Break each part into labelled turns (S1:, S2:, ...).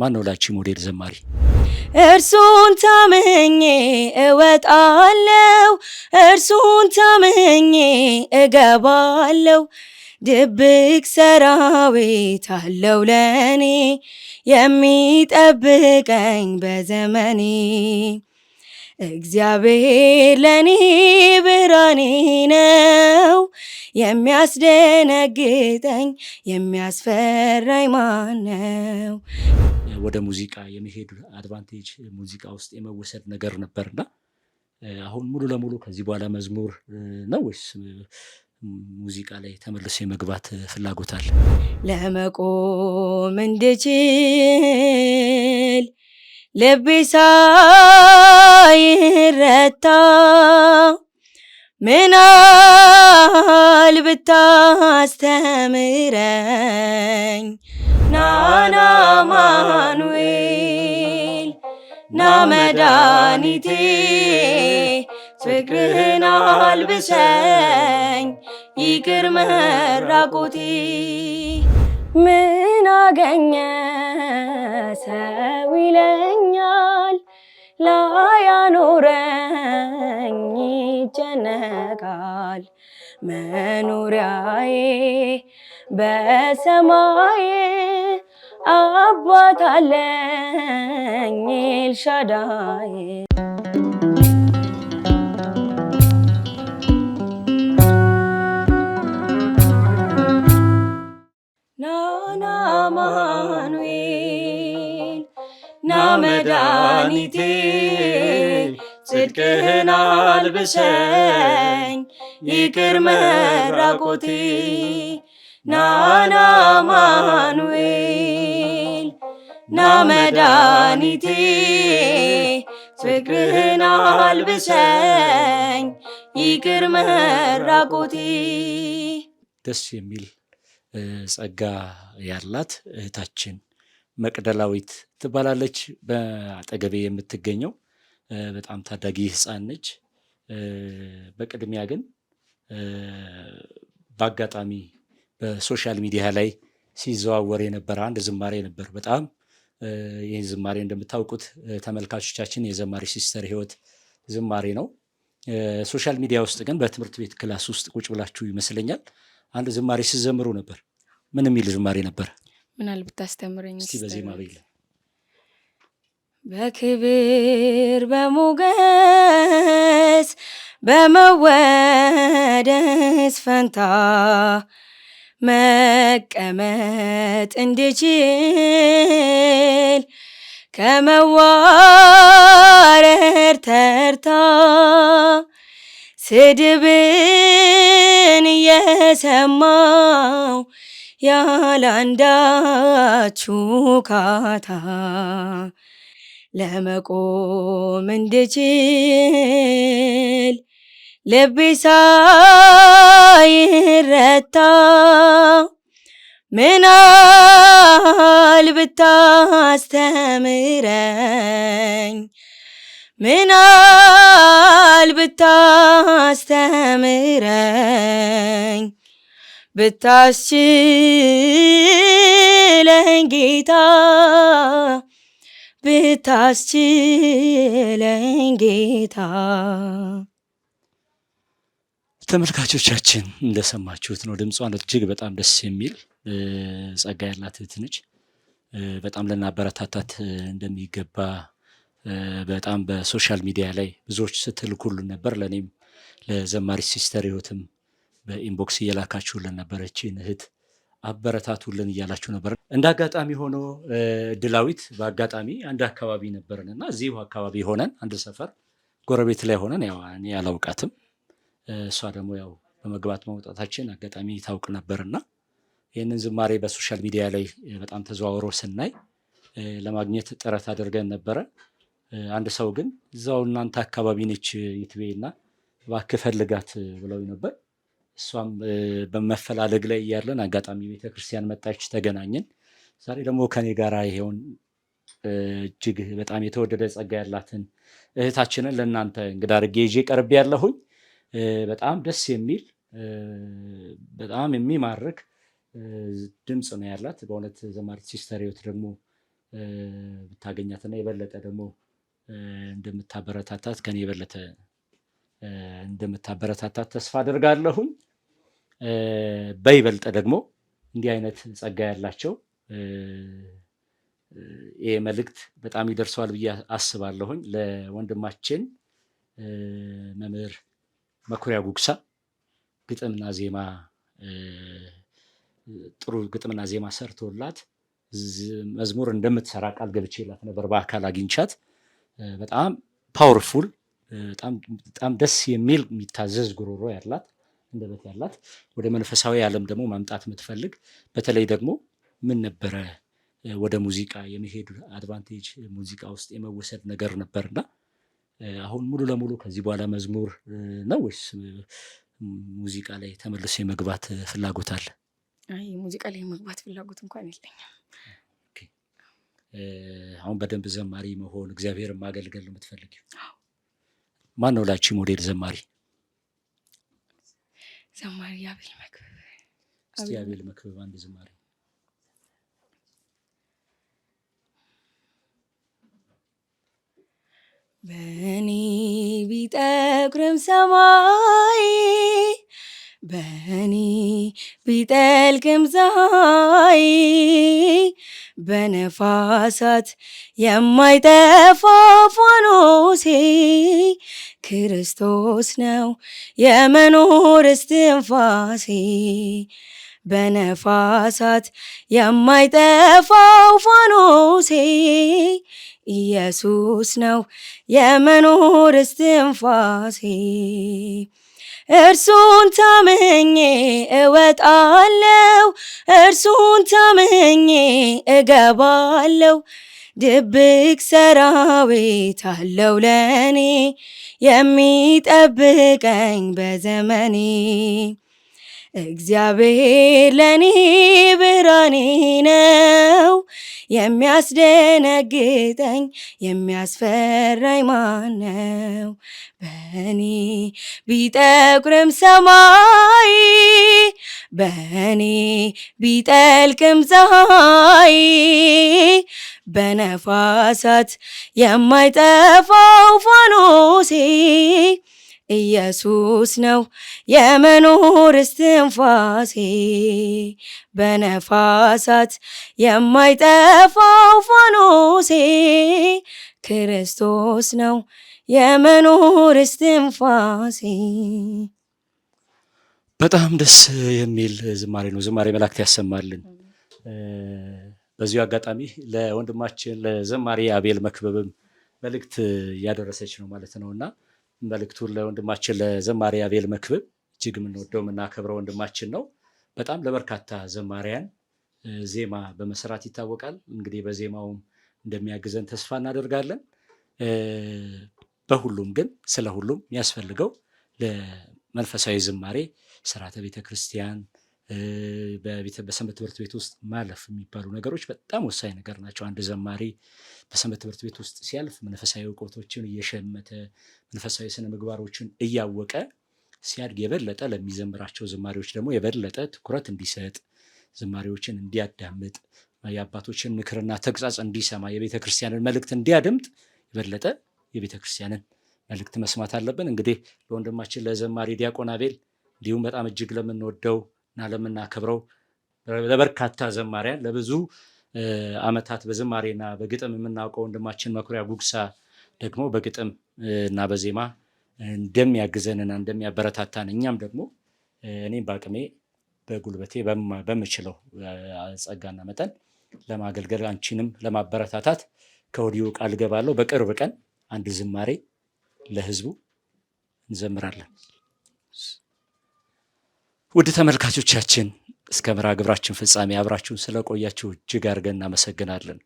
S1: ማን ነው ላቺ ሞዴል ዘማሪ?
S2: እርሱን ታምኜ እወጣለው፣ እርሱን ታምኜ እገባለው። ድብቅ ሰራዊት አለው ለእኔ የሚጠብቀኝ በዘመኔ እግዚአብሔር ለኔ ብርሃኔ ነው፣ የሚያስደነግጠኝ የሚያስፈራኝ ማን ነው?
S1: ወደ ሙዚቃ የመሄድ አድቫንቴጅ ሙዚቃ ውስጥ የመወሰድ ነገር ነበርና አሁን ሙሉ ለሙሉ ከዚህ በኋላ መዝሙር ነው ወይስ ሙዚቃ ላይ ተመልሶ የመግባት ፍላጎት አለ?
S2: ለመቆም እንድችል ልቤ ሳይረታ ምናል ብታስተምረኝ ናና ማኑኤል ና መዳኒቴ ፍቅርህን አልብሰኝ ይቅር መራቆቴ አገኘ ሰው ይለኛል ላያኖረኝ ይጨነቃል መኖሪያዬ በሰማዬ አባት አለኝ ኤልሻዳዬ አማኑኤል ና መድኃኒቴ ጽድቅህን አልብሰኝ ይቅር መራቆቴ ናና አማኑኤል ና መድኃኒቴ ፍቅርህን አልብሰኝ ይቅር መራቆቴ
S1: ደስ የሚል ጸጋ ያላት እህታችን መቅደላዊት ትባላለች። በአጠገቤ የምትገኘው በጣም ታዳጊ ህፃን ነች። በቅድሚያ ግን በአጋጣሚ በሶሻል ሚዲያ ላይ ሲዘዋወር የነበረ አንድ ዝማሬ ነበር። በጣም ይህ ዝማሬ እንደምታውቁት ተመልካቾቻችን የዘማሪ ሲስተር ህይወት ዝማሬ ነው። ሶሻል ሚዲያ ውስጥ ግን በትምህርት ቤት ክላስ ውስጥ ቁጭ ብላችሁ ይመስለኛል አንድ ዝማሬ ስዘምሩ ነበር። ምን የሚል ዝማሬ ነበር?
S2: ምናል አስተምረኝ
S1: እስቲ በዜማ በይል።
S2: በክብር በሞገስ በመወደስ ፈንታ መቀመጥ እንድችል ከመዋረድ ተርታ ስድብን እየሰማው ያላንዳች ካታ ለመቆም እንድችል ልቤ ሳይረታ ምናል ብታስተምረኝ ምናል ብታስተምረኝ ብታስችለኝ ጌታ ብታስችለኝ ጌታ።
S1: ተመልካቾቻችን እንደሰማችሁት ነው። ድምጿን እጅግ በጣም ደስ የሚል ጸጋ ያላት እህት ነች። በጣም ልናበረታታት እንደሚገባ በጣም በሶሻል ሚዲያ ላይ ብዙዎች ስትልኩልን ነበር። ለእኔም ለዘማሪ ሲስተር ህይወትም በኢንቦክስ እየላካችሁልን ነበር። እችን እህት አበረታቱልን እያላችሁ ነበር። እንደ አጋጣሚ ሆኖ ድላዊት በአጋጣሚ አንድ አካባቢ ነበርን እና እዚሁ አካባቢ ሆነን አንድ ሰፈር ጎረቤት ላይ ሆነን ያው እኔ አላውቃትም፣ እሷ ደግሞ ያው በመግባት መውጣታችን አጋጣሚ ታውቅ ነበርና ይህንን ዝማሬ በሶሻል ሚዲያ ላይ በጣም ተዘዋውሮ ስናይ ለማግኘት ጥረት አድርገን ነበረ። አንድ ሰው ግን እዛው እናንተ አካባቢ ነች ይትቤ እና እባክህ ፈልጋት ብለው ነበር። እሷም በመፈላለግ ላይ እያለን አጋጣሚ ቤተክርስቲያን መጣች፣ ተገናኘን። ዛሬ ደግሞ ከኔ ጋር ይሄውን እጅግ በጣም የተወደደ ጸጋ ያላትን እህታችንን ለእናንተ እንግዳ አድርጌ ይዤ ቀርብ ያለሁኝ በጣም ደስ የሚል በጣም የሚማርክ ድምፅ ነው ያላት። በእውነት ዘማሪት ሲስተር ህይወት ደግሞ ብታገኛትና የበለጠ ደግሞ እንደምታበረታታት ከኔ የበለተ እንደምታበረታታት ተስፋ አደርጋለሁኝ። በይበልጠ ደግሞ እንዲህ አይነት ጸጋ ያላቸው ይሄ መልእክት በጣም ይደርሰዋል ብዬ አስባለሁኝ። ለወንድማችን መምህር መኩሪያ ጉግሳ ግጥምና ዜማ ጥሩ ግጥምና ዜማ ሰርቶላት መዝሙር እንደምትሰራ ቃል ገብቼላት ነበር በአካል አግኝቻት በጣም ፓወርፉል በጣም ደስ የሚል የሚታዘዝ ጉሮሮ ያላት እንደበት ያላት ወደ መንፈሳዊ ዓለም ደግሞ ማምጣት የምትፈልግ በተለይ ደግሞ ምን ነበረ ወደ ሙዚቃ የመሄድ አድቫንቴጅ ሙዚቃ ውስጥ የመወሰድ ነገር ነበርና አሁን ሙሉ ለሙሉ ከዚህ በኋላ መዝሙር ነው ወይስ ሙዚቃ ላይ ተመልሶ የመግባት ፍላጎት አለ?
S2: አይ ሙዚቃ ላይ የመግባት ፍላጎት እንኳን የለኝም።
S1: አሁን በደንብ ዘማሪ መሆን እግዚአብሔር ማገልገል ነው የምትፈልጊው? ማን ነው ላቺ ሞዴል ዘማሪ?
S2: ዘማሪ አቤል መክብብ።
S1: እስቲ አቤል መክብብ አንድ ዘማሪ
S2: በእኔ ቢጠቁርም ሰማይ በእኔ ቢጠልቅም ፀሐይ በነፋሳት የማይጠፋ ፋኖሴ ክርስቶስ ነው የመኖር እስትንፋሴ በነፋሳት የማይጠፋው ፋኖሴ ኢየሱስ ነው የመኖር እስትንፋሴ እርሱን ታምኜ እወጣለው፣ እርሱን ታምኜ እገባለው። ድብቅ ሰራዊት አለው ለኔ የሚጠብቀኝ በዘመኔ እግዚአብሔር ለኔ ብርሃኔ ነው የሚያስደነግጠኝ የሚያስፈራኝ ማን ነው? በእኔ ቢጠቁርም ሰማይ በእኔ ቢጠልቅም ፀሐይ በነፋሳት የማይጠፋው ፋኖሴ ኢየሱስ ነው የመኖር እስትንፋሴ በነፋሳት የማይጠፋው ፋኖሴ ክርስቶስ ነው የመኖር እስትንፋሴ።
S1: በጣም ደስ የሚል ዝማሬ ነው። ዝማሬ መላእክት ያሰማልን። በዚሁ አጋጣሚ ለወንድማችን ለዘማሪ አቤል መክበብም መልእክት እያደረሰች ነው ማለት ነው እና መልእክቱን ለወንድማችን ለዘማሪ አቤል መክብብ እጅግ የምንወደው የምናከብረው ወንድማችን ነው። በጣም ለበርካታ ዘማሪያን ዜማ በመስራት ይታወቃል። እንግዲህ በዜማውም እንደሚያግዘን ተስፋ እናደርጋለን። በሁሉም ግን ስለ ሁሉም የሚያስፈልገው ለመንፈሳዊ ዝማሬ ስርዓተ ቤተ ክርስቲያን በሰንበት ትምህርት ቤት ውስጥ ማለፍ የሚባሉ ነገሮች በጣም ወሳኝ ነገር ናቸው። አንድ ዘማሪ በሰንበት ትምህርት ቤት ውስጥ ሲያልፍ መንፈሳዊ እውቀቶችን እየሸመተ መንፈሳዊ ስነ ምግባሮችን እያወቀ ሲያድግ የበለጠ ለሚዘምራቸው ዝማሬዎች ደግሞ የበለጠ ትኩረት እንዲሰጥ ዝማሬዎችን እንዲያዳምጥ የአባቶችን ምክርና ተግሳጽ እንዲሰማ የቤተ ክርስቲያንን መልእክት እንዲያደምጥ የበለጠ የቤተ ክርስቲያንን መልእክት መስማት አለብን። እንግዲህ ለወንድማችን ለዘማሪ ዲያቆን አቤል እንዲሁም በጣም እጅግ ለምንወደው እና ለምናከብረው ለበርካታ ዘማሪያን ለብዙ ዓመታት በዝማሬና በግጥም የምናውቀው ወንድማችን መኩሪያ ጉግሳ ደግሞ በግጥም እና በዜማ እንደሚያግዘንና እንደሚያበረታታን እኛም ደግሞ እኔም በአቅሜ በጉልበቴ በምችለው ጸጋና መጠን ለማገልገል አንቺንም ለማበረታታት ከወዲሁ ቃል ገባለሁ። በቅርብ ቀን አንድ ዝማሬ ለህዝቡ እንዘምራለን። ውድ ተመልካቾቻችን እስከ ምራ ግብራችን ፍጻሜ አብራችሁን ስለቆያችሁ እጅግ አድርገን እናመሰግናለን።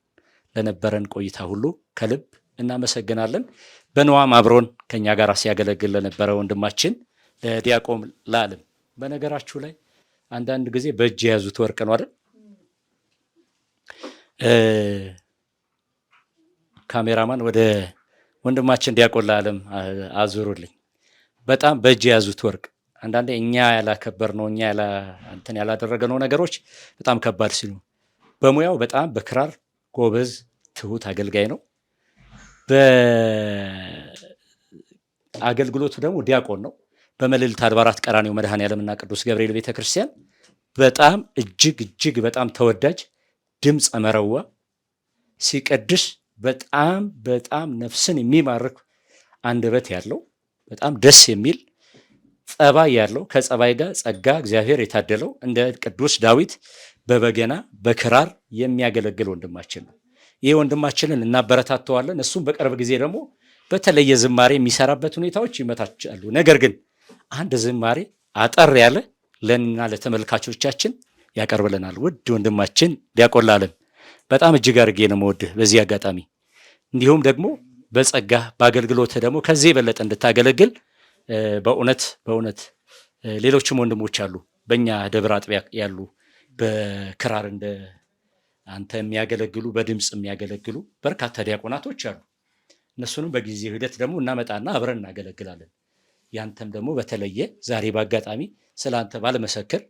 S1: ለነበረን ቆይታ ሁሉ ከልብ እናመሰግናለን። በነዋም አብሮን ከእኛ ጋር ሲያገለግል ለነበረ ወንድማችን ለዲያቆም ለዓለም በነገራችሁ ላይ አንዳንድ ጊዜ በእጅ የያዙት ወርቅ ነው አይደል? ካሜራማን ወደ ወንድማችን ዲያቆን ለዓለም አዙሩልኝ። በጣም በእጅ የያዙት ወርቅ አንዳንዴ እኛ ያላከበር ነው እኛ እንትን ነው ነገሮች በጣም ከባድ ሲሉ በሙያው በጣም በክራር ጎበዝ ትሁት አገልጋይ ነው። በአገልግሎቱ ደግሞ ዲያቆን ነው። በመልዕልት አድባራት ቀራኔው መድኃኔዓለምና ቅዱስ ገብርኤል ቤተክርስቲያን በጣም እጅግ እጅግ በጣም ተወዳጅ ድምፀ መረዋ ሲቀድስ በጣም በጣም ነፍስን የሚማርክ አንደበት ያለው በጣም ደስ የሚል ጸባይ ያለው ከጸባይ ጋር ጸጋ እግዚአብሔር የታደለው እንደ ቅዱስ ዳዊት በበገና በክራር የሚያገለግል ወንድማችን ነው። ይህ ወንድማችንን እናበረታተዋለን። እሱም በቅርብ ጊዜ ደግሞ በተለየ ዝማሬ የሚሰራበት ሁኔታዎች ይመቻቻሉ። ነገር ግን አንድ ዝማሬ አጠር ያለ ለእና ለተመልካቾቻችን ያቀርብልናል። ውድ ወንድማችን ሊያቆላለን በጣም እጅግ አድርጌ ነው የምወድህ በዚህ አጋጣሚ እንዲሁም ደግሞ በጸጋ በአገልግሎት ደግሞ ከዚህ የበለጠ እንድታገለግል በእውነት በእውነት ሌሎችም ወንድሞች አሉ፣ በእኛ ደብረ አጥቢያ ያሉ በክራር እንደ አንተ የሚያገለግሉ በድምፅ የሚያገለግሉ በርካታ ዲያቆናቶች አሉ። እነሱንም በጊዜ ሂደት ደግሞ እናመጣና አብረን እናገለግላለን። ያንተም ደግሞ በተለየ ዛሬ በአጋጣሚ ስለ አንተ ባለመሰክር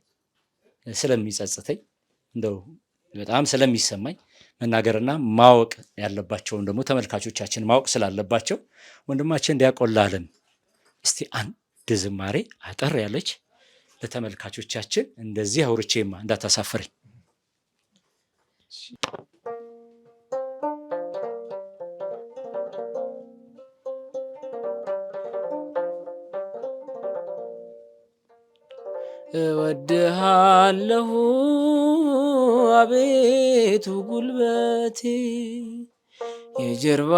S1: ስለሚጸጽተኝ እንደው በጣም ስለሚሰማኝ መናገርና ማወቅ ያለባቸውን ደግሞ ተመልካቾቻችን ማወቅ ስላለባቸው ወንድማችን ዲያቆን ለዓለም እስቲ አንድ ዝማሬ አጠር ያለች ለተመልካቾቻችን እንደዚህ አውርቼማ እንዳታሳፍረኝ።
S2: እወድሃለሁ አቤቱ ጉልበቴ የጀርባ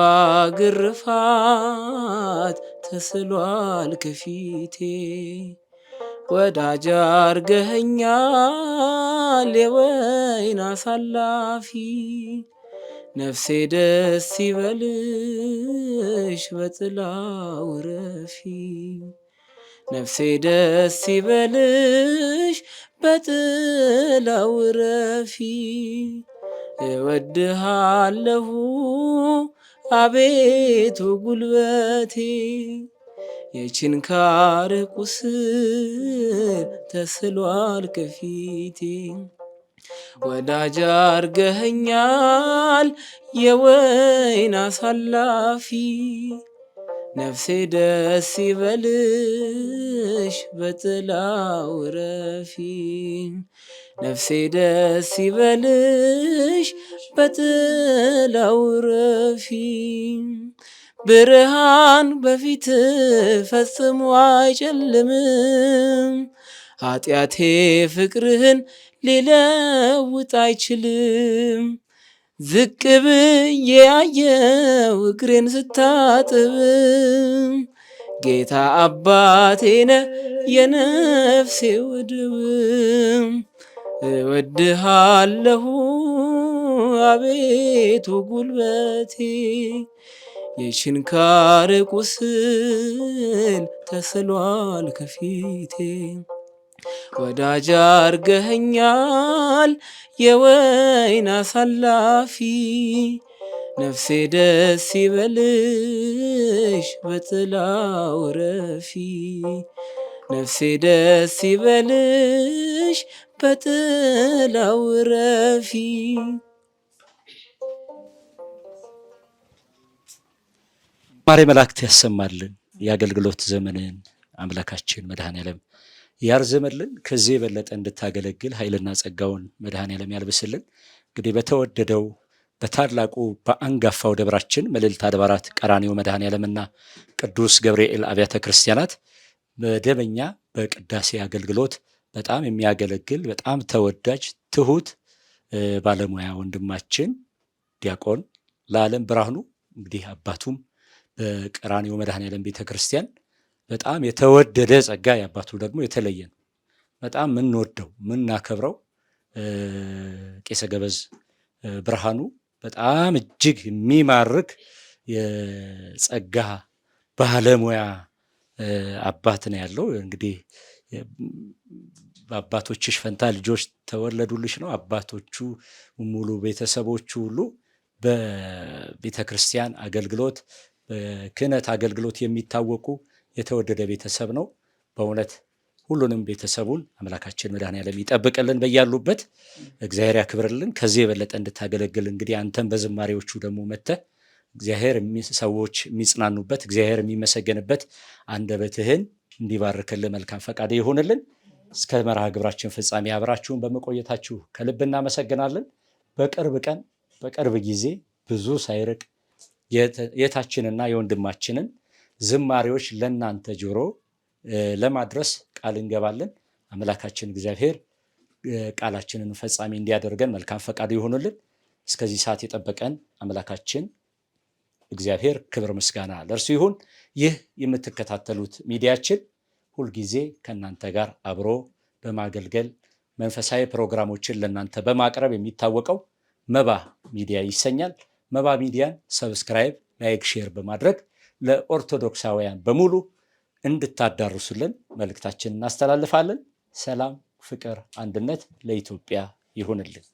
S2: ግርፋት ተስሏል ከፊቴ ወዳጅ አርገኸኛል የወይን አሳላፊ ነፍሴ ደስ ይበልሽ በጥላው ረፊ ነፍሴ ደስ ይበልሽ በጥላው ረፊ እወድሃለሁ አቤቱ ጉልበቴ የችንካር ቁስል ተስሏል ከፊቴ። ወዳጅ አርገኸኛል የወይን አሳላፊ ነፍሴ ደስ ይበልሽ በጥላው ረፊ ነፍሴ ደስ ይበልሽ በጥላው ረፊ ብርሃን በፊት ፈጽሞ አይጨልምም። ኃጢአቴ ፍቅርህን ሊለውጥ አይችልም። ዝቅ ብዬ ያየው እግሬን ስታጥብ ጌታ አባቴነ የነፍሴ ውድብ እወድሃለሁ አቤቱ ጉልበቴ የሽንካር ቁስል ተስሏል ከፊቴ ወዳጅ አርገኸኛል የወይን አሳላፊ ነፍሴ ደስ ይበልሽ በጥላው ረፊ ነፍሴ ደስ ይበልሽ በጥላው ረፊ
S1: ማሬ መላእክት ያሰማልን የአገልግሎት ዘመንን አምላካችን መድኃኔ ያርዝምልን፣ ከዚህ የበለጠ እንድታገለግል ኃይልና ጸጋውን መድኃኔዓለም ያልብስልን። እንግዲህ በተወደደው በታላቁ በአንጋፋው ደብራችን መልዕልተ አድባራት መድሃን መድኃኔዓለምና ቅዱስ ገብርኤል አብያተ ክርስቲያናት መደበኛ በቅዳሴ አገልግሎት በጣም የሚያገለግል በጣም ተወዳጅ ትሁት ባለሙያ ወንድማችን ዲያቆን ለዓለም ብርሃኑ እንግዲህ አባቱም በቀራኒው መድኃኔዓለም ቤተ ክርስቲያን በጣም የተወደደ ጸጋ የአባቱ ደግሞ የተለየ ነው። በጣም የምንወደው የምናከብረው ቄሰ ገበዝ ብርሃኑ በጣም እጅግ የሚማርክ የጸጋ ባለሙያ አባት ነው ያለው። እንግዲህ በአባቶችሽ ፈንታ ልጆች ተወለዱልሽ ነው። አባቶቹ ሙሉ ቤተሰቦቹ ሁሉ በቤተ ክርስቲያን አገልግሎት፣ በክህነት አገልግሎት የሚታወቁ የተወደደ ቤተሰብ ነው። በእውነት ሁሉንም ቤተሰቡን አምላካችን መድኃኔዓለም ይጠብቅልን፣ በያሉበት እግዚአብሔር ያክብርልን። ከዚህ የበለጠ እንድታገለግል እንግዲህ አንተም በዝማሬዎቹ ደግሞ መተ እግዚአብሔር ሰዎች የሚጽናኑበት እግዚአብሔር የሚመሰገንበት አንደበትህን እንዲባርክልን መልካም ፈቃድ ይሆንልን። እስከ መርሃ ግብራችን ፍጻሜ አብራችሁን በመቆየታችሁ ከልብ እናመሰግናለን። በቅርብ ቀን በቅርብ ጊዜ ብዙ ሳይርቅ የታችንና የወንድማችንን ዝማሬዎች ለእናንተ ጆሮ ለማድረስ ቃል እንገባለን። አምላካችን እግዚአብሔር ቃላችንን ፈጻሚ እንዲያደርገን መልካም ፈቃዱ ይሆኑልን። እስከዚህ ሰዓት የጠበቀን አምላካችን እግዚአብሔር ክብር ምስጋና ለእርሱ ይሁን። ይህ የምትከታተሉት ሚዲያችን ሁልጊዜ ከእናንተ ጋር አብሮ በማገልገል መንፈሳዊ ፕሮግራሞችን ለእናንተ በማቅረብ የሚታወቀው መባ ሚዲያ ይሰኛል። መባ ሚዲያን ሰብስክራይብ፣ ላይክ፣ ሼር በማድረግ ለኦርቶዶክሳውያን በሙሉ እንድታዳርሱልን መልእክታችን እናስተላልፋለን። ሰላም፣ ፍቅር፣ አንድነት ለኢትዮጵያ ይሁንልን።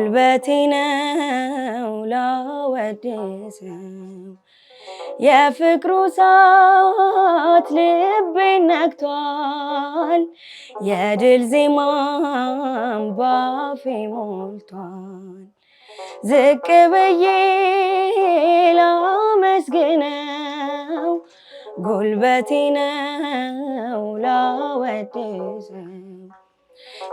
S2: ጉልበቴ ነው ላወድሰው የፍቅሩ ሰዓት ልቤን ነክቷል። የድል ዜማም ባፌ ሞልቷል። ዝቅ ብዬ ላመስግነው ጉልበቴ ነው ላወድሰው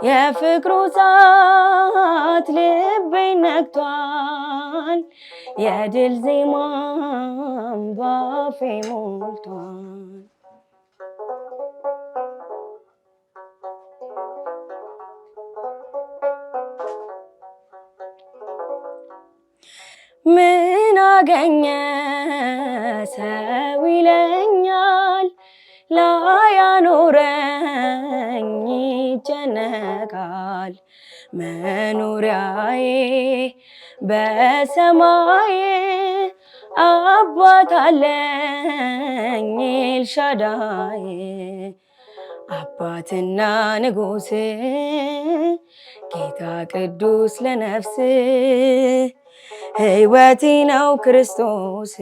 S2: የፍቅሩ ዛት ልቤን ነክቷል፣ የድል ዜማም ባፌ ሞልቷል። ምን አገኘ ይነቃል መኖሪያዬ በሰማይ አባት አለኝ ኤልሻዳይ አባትና ንጉስ ጌታ ቅዱስ ለነፍስ ሕይወቴ ነው ክርስቶስ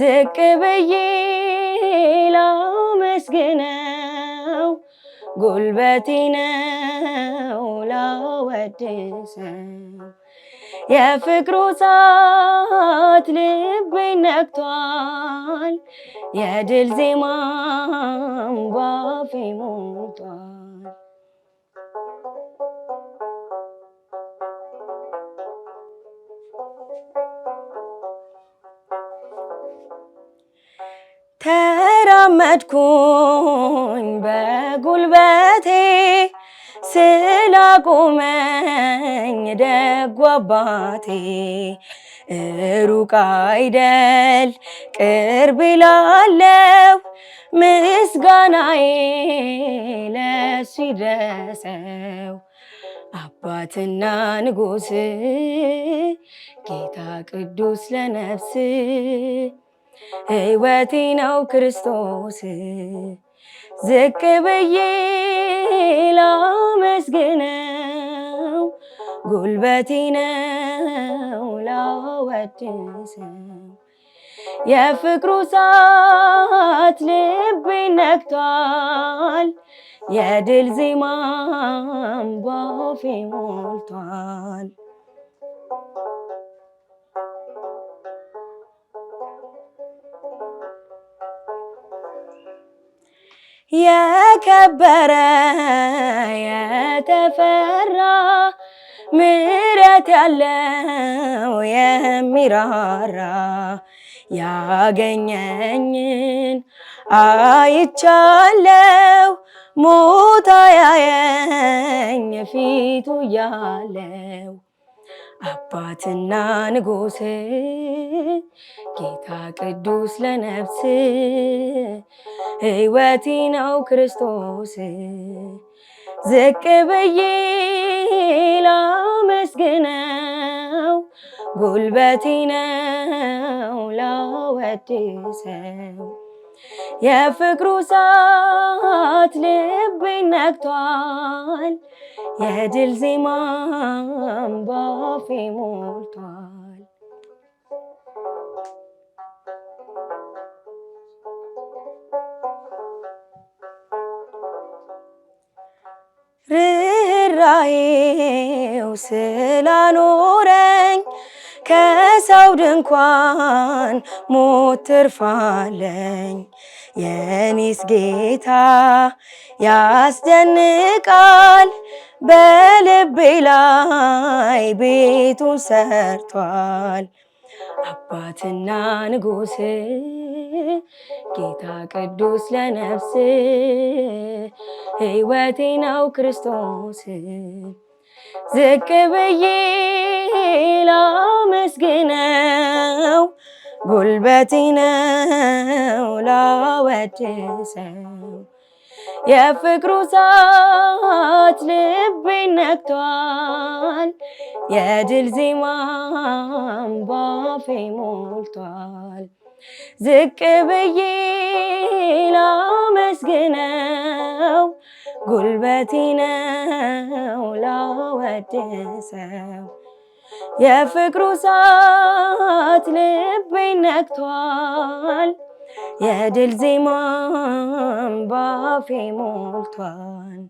S2: ዝቅ ብዬ ላመስግነው ጉልበቴ ነው ላወድሰው የፍቅሩ ሰዓት ልቤ ነክቷል፣ የድል ዜማም ባፌ ሞልቷል። ተራመድኩኝ በጉልበቴ ስላቆመኝ ደጉ አባቴ ሩቅ አይደል ቅርብ ላለው ምስጋናዬ ለሱ ይድረሰው። አባትና ንጉስ ጌታ ቅዱስ ለነፍስ ሕይወቴ ነው ክርስቶስ ዝቅ ብዬ ላመስግነው ጉልበቴ ነው ላወድሰው የፍቅሩ እሳት ልቤ ነክቷል የድል ዜማም ባፌ ሞልቷል። የከበረ የተፈራ ምሕረት ያለው የሚራራ ያገኘኝን አይቻለው ሞታ ያየኝ ፊቱ ያለው አባትና ንጉስ ጌታ ቅዱስ ለነፍስ ሕይወቴ ነው ክርስቶስ ዝቅ ብዬ ላመስግነው ጉልበቴ ነው ላወድሰው የፍቅሩ ሰዓት ልቤን ነግቷል። የድል ዜማም ባፌ ሞልቷል። ርኅራኄው ስላኖረኝ ከሰው ድንኳን ሞት ትርፋለኝ። የኔስ ጌታ ያስደንቃል፣ በልቤ ላይ ቤቱን ሰርቷል። አባትና ንጉስ ጌታ ቅዱስ ለነፍስ ሕይወቴ ነው ክርስቶስ ዝቅ ብዬ ላመስግነው ጉልበቴ ነው ላወድሰው የፍቅሩ እሳት ልቤን ነክቷል የድል ዜማም ባፌ ሞልቷል ዝቅ ብዬ ላመስግነው ጉልበቴና ውላው ወደሰው የፍቅሩ ሰዓት ልቤን ነክቷል። የድል ዜማም ባፌ ሞልቷል።